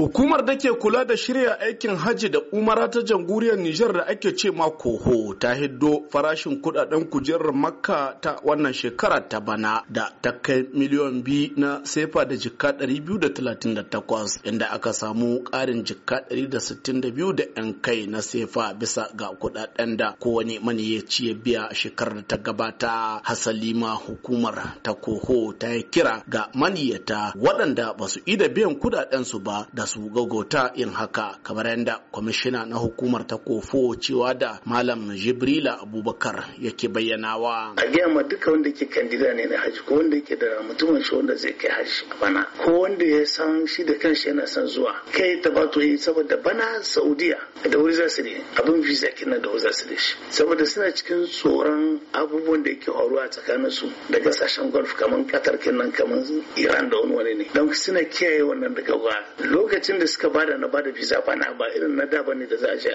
Hukumar da ke kula da shirya aikin hajji da umara ta jamhuriyar Nijar da ake ce ma koho ta hiddo farashin kudaden kujerar makka ta wannan shekara ta bana da ta kai miliyon biyu na sefa da jika 238 inda aka samu karin jika 162 da yan kai na sefa bisa ga kudaden da kowane maniyaci ya biya a shekarar da ta gabata hasali ma hukumar ta koho ta yi kira ga maniyata waɗanda ba su ida biyan kudaden ba da su gogota yin haka kamar yadda kwamishina na hukumar ta kofo cewa da malam jibrila abubakar yake bayyanawa a gaya ma duka wanda ke kandida ne na haji ko wanda ke da mutumin shi wanda zai kai haji bana ko wanda ya san shi da kanshi yana son zuwa kai tabato yi saboda bana saudiya da wuri za su ne abin visa kina da wuri za su shi saboda suna cikin tsoron abubuwan da yake faruwa tsakanin su da gasashen golf kamar katar kenan kamar iran da wani wani ne don suna kiyaye wannan daga lokacin lokacin da suka bada na bada visa ba na ba irin na da ne da za a ce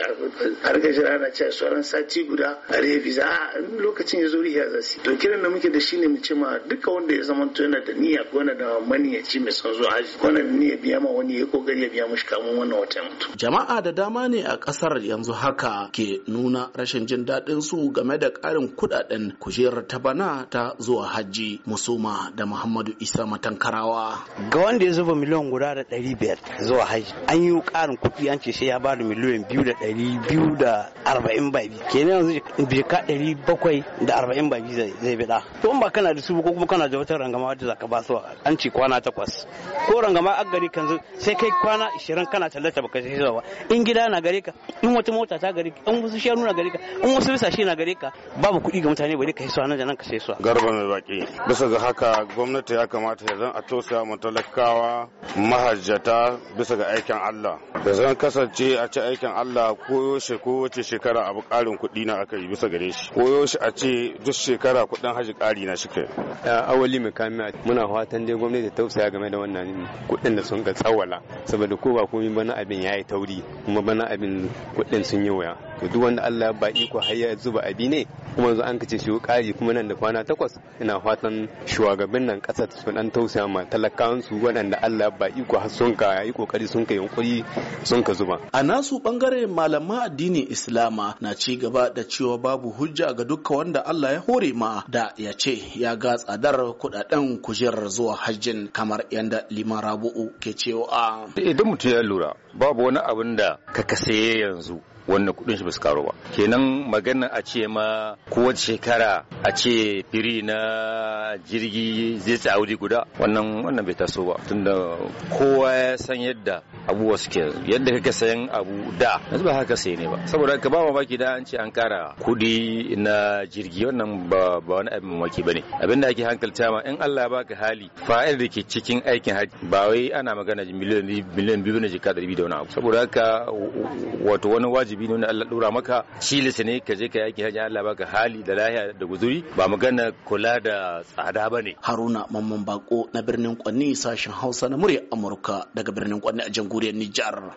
har ga jira na cewa sauran sati guda a rai visa a lokacin ya zo riya za su to kiran da muke da shi ne mu ce ma duka wanda ya zama to yana da niyya ko yana da maniyaci mai son zuwa haji ko yana da niyya biya ma wani ya kokari ya biya mushi kamun wannan wata mutu jama'a da dama ne a kasar yanzu haka ke nuna rashin jin daɗin su game da ƙarin kuɗaɗen kujerar ta bana ta zuwa hajji musoma da muhammadu isa matankarawa ga wanda ya zuba miliyan guda da ɗari biyar zuwa haji an yi ƙarin kuɗi an ce sai ya bada miliyan biyu da ɗari biyu da arba'in ba biyu kenan yanzu ka ɗari bakwai da arba'in ba biyu zai biɗa to in ba kana da su ko kuma kana da wata rangama da zaka ba su an ce kwana takwas ko rangama a gari kan sai kai kwana ishirin kana tallata baka sai zuwa in gida na gare ka in wata mota ta gare ka in wasu shanu na gare ka in wasu bisashe na gare ka babu kuɗi ga mutane bari ka yi suwa nan da nan ka sai suwa. garba mai baki bisa ga haka gwamnati ya kamata ya zan a tosa matalakawa mahajjata bisa ga aikin Allah da zan kasance a ci aikin Allah koyo shi ko wace shekara abu ƙarin kuɗi na aka yi bisa gare shi koyo a ce duk shekara kuɗin haji ƙari na shi kai awali mai kami muna fatan dai gwamnati ta tausaya game da wannan kuɗin da sun ga tsawala saboda ko ba komai bana abin yayi tauri kuma bana abin kuɗin sun yi waya to duk wanda Allah ba iko har ya zuba abi ne kuma yanzu an kace shi ƙari kuma nan da kwana takwas ina fatan shugaban nan kasar su dan tausaya ma talakawan su waɗanda Allah ba iko har sun ka yi kokari sun ka yunkuri sun ka zuba a nasu bangare malaman addinin Islama na ci gaba da cewa babu hujja ga dukka wanda Allah ya hore ma da ya ce ya ga tsadar kudaden kujerar zuwa hajjin kamar yanda liman rabu'u ke cewa idan mutum ya lura babu wani abin da ka kase yanzu wannan kudin shi ba su karo ba kenan magana a ce ma kowace shekara a ce firi na jirgi zai tsaye wuri guda wannan wannan bai taso ba tunda kowa ya san yadda abubuwa suke yadda kake sayan abu da yanzu ba haka sai ne ba saboda ka ba mamaki da an ce an kara kudi na jirgi wannan ba wani abin mamaki bane abin da ake hankalta ma in Allah ya baka hali fa'il da ke cikin aikin haji ba wai ana magana miliyan biyu na jika da wani abu saboda haka wato wani wajibi wajibi ne wanda Allah dora maka shi ne ka je ka yaki hajji Allah baka hali da lahiya da guzuri ba magana kula da tsada ba ne. Haruna Mamman Bako na birnin Kwanni sashen Hausa na murya Amurka daga birnin Kwanni a jamhuriyar Nijar